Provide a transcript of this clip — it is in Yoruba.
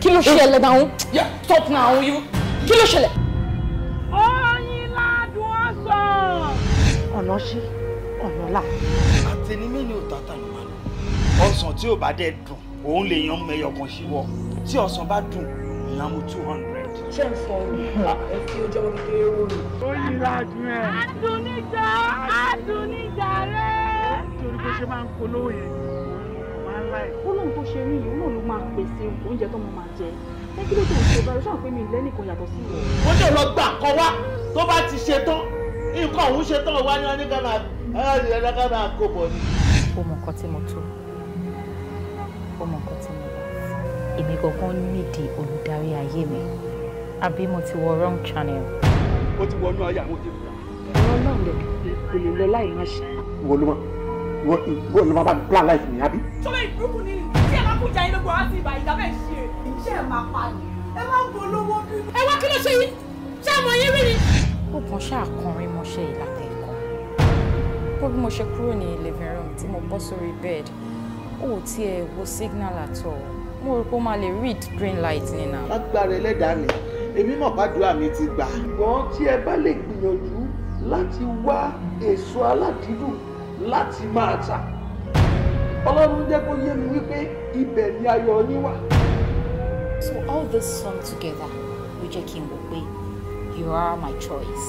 kí ló ṣẹlẹ̀ náà stop now you kí ló ṣẹlẹ̀. oyin ládùn ọ̀sán. ọ̀nà ṣí ọ̀nà là. àtẹni mélòó tàtà ló máa lò ọsàn tí ò bá dẹ̀ dùn òun lè yan mẹyọ kan ṣíwọ tí ọsàn bá dùn ìyá mu two hundred. ṣé n fọ ẹ fi ojú ọmọ kékeré rò rò. oyin ládùn ẹ. adùnníjà adùnníjà rẹ. nítorí bó ṣe máa ń polówó yẹn máa ń láì. ó lóun tó ṣe rí yìí máa pèsè oúnjẹ tó máa jẹ ẹ kí ló tó ń ṣe báyìí ṣáà pé mi lẹ́nìkan yàtọ̀ sí wọn. ó dẹ̀ lọ gbà kọ wá tó bá ti ṣe tán nǹkan òun ṣe tán wá ní wọn ní ká máa ẹ ká máa bọ̀ ni. ó mọ nǹkan tí mo tó ó mọ nǹkan tí mo wà èmi gangan nídìí olùdarí ayé mi àbí mo ti wọ wrong channel. ó ti wọnú ayé àwọn òjò ìgbà. ọ̀rọ̀ náà lè kò lọ láì má ṣe. wọ́n ló máa wọ́n plan life mi àbí. sọlá tí ẹ máa kú jẹ inú kò á ti ìbà ìjà ṣe. ìjẹ́ ẹ̀ máa pa ni ẹ máa ń polówó bí. ẹ wá kí ló ṣe yìí ṣé àmọ yín rí ni. ó kàn ṣáà kọrin mọṣẹ ìlànà ẹ̀kọ́ bó bí mo ṣe kúrò ní living room tí mo bọ́ sórí bed ó ti ẹ̀ wo signal at all mo rò pé ó máa lè read green light nínú. lágbára ẹlẹ́dàá ni èmi mọ̀ bá dùn àmì ti gbà. ṣùgbọ́n tí ẹ bá lè gbìyànjú láti wá èso aládìídùn láti máa ta Ọlọ́run jẹ́ kó yé mi wípé ibẹ̀ ni ayọ̀ yín wà. So all this song together ló jẹ́ kí n wò pé you are my choice.